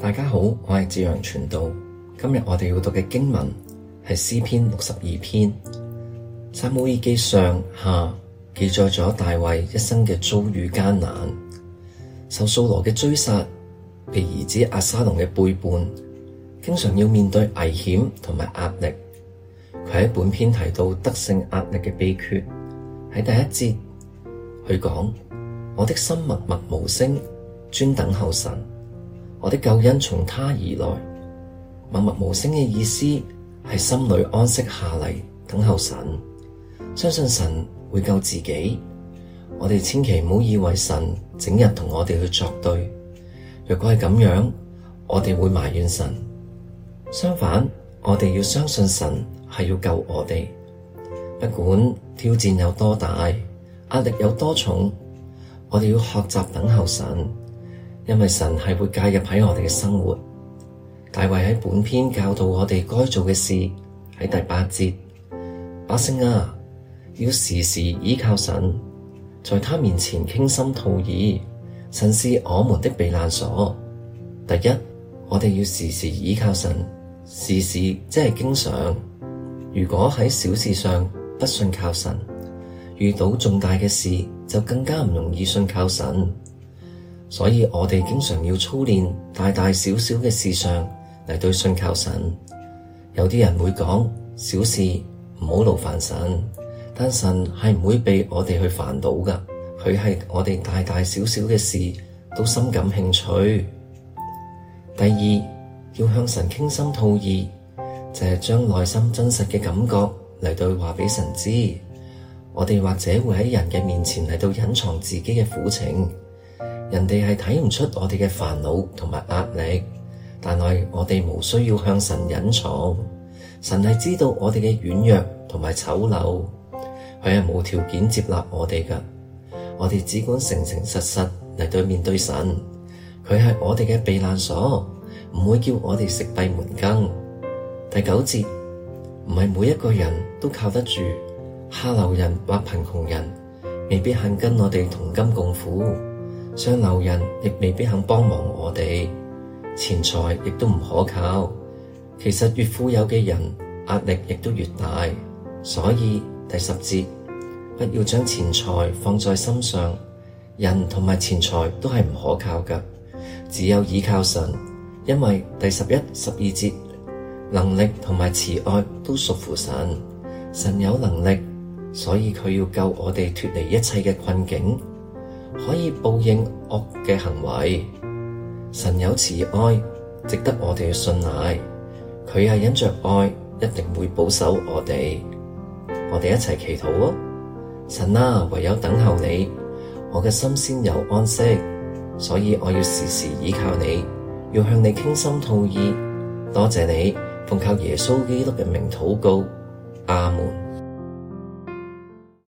大家好，我係志揚傳道。今日我哋要讀嘅經文係詩篇六十二篇。撒母耳記上下記載咗大衛一生嘅遭遇艱難，受掃羅嘅追殺，被兒子阿撒龍嘅背叛，經常要面對危險同埋壓力。佢喺本篇提到得勝壓力嘅秘訣。喺第一節，佢講：我的心默默無聲，專等候神。我的救恩從他而來，默默無聲嘅意思係心裏安息下嚟，等候神，相信神會救自己。我哋千祈唔好以為神整日同我哋去作對。如果係咁樣，我哋會埋怨神。相反，我哋要相信神係要救我哋，不管挑戰有多大，壓力有多重，我哋要學習等候神。因為神係會介入喺我哋嘅生活，大衛喺本篇教導我哋該做嘅事喺第八節，百姓啊，要時時倚靠神，在他面前傾心吐意，神是我們的避難所。第一，我哋要時時倚靠神，時時即係經常。如果喺小事上不信靠神，遇到重大嘅事就更加唔容易信靠神。所以我哋經常要操練大大小小嘅事上嚟對信靠神。有啲人會講，小事唔好勞煩神，但神係唔會俾我哋去煩惱噶。佢係我哋大大小小嘅事都深感興趣。第二，要向神傾心吐意，就係將內心真實嘅感覺嚟對話畀神知。我哋或者會喺人嘅面前嚟到隱藏自己嘅苦情。人哋係睇唔出我哋嘅煩惱同埋壓力，但係我哋冇需要向神隱藏，神係知道我哋嘅軟弱同埋醜陋，佢係冇條件接納我哋噶。我哋只管誠誠實實嚟，對面對神，佢係我哋嘅避難所，唔會叫我哋食閉門羹。第九節，唔係每一個人都靠得住，下流人或貧窮人未必肯跟我哋同甘共苦。上流人亦未必肯幫忙我哋，錢財亦都唔可靠。其實越富有嘅人，壓力亦都越大。所以第十節，不要將錢財放在心上，人同埋錢財都係唔可靠嘅，只有倚靠神。因為第十一、十二節，能力同埋慈愛都屬乎神，神有能力，所以佢要救我哋脫離一切嘅困境。可以報應惡嘅行為，神有慈愛，值得我哋去信賴。佢係忍着愛，一定會保守我哋。我哋一齊祈禱啊！神啊，唯有等候你，我嘅心先有安息。所以我要時時倚靠你，要向你傾心吐意。多謝你，奉靠耶穌基督嘅名禱告，阿門。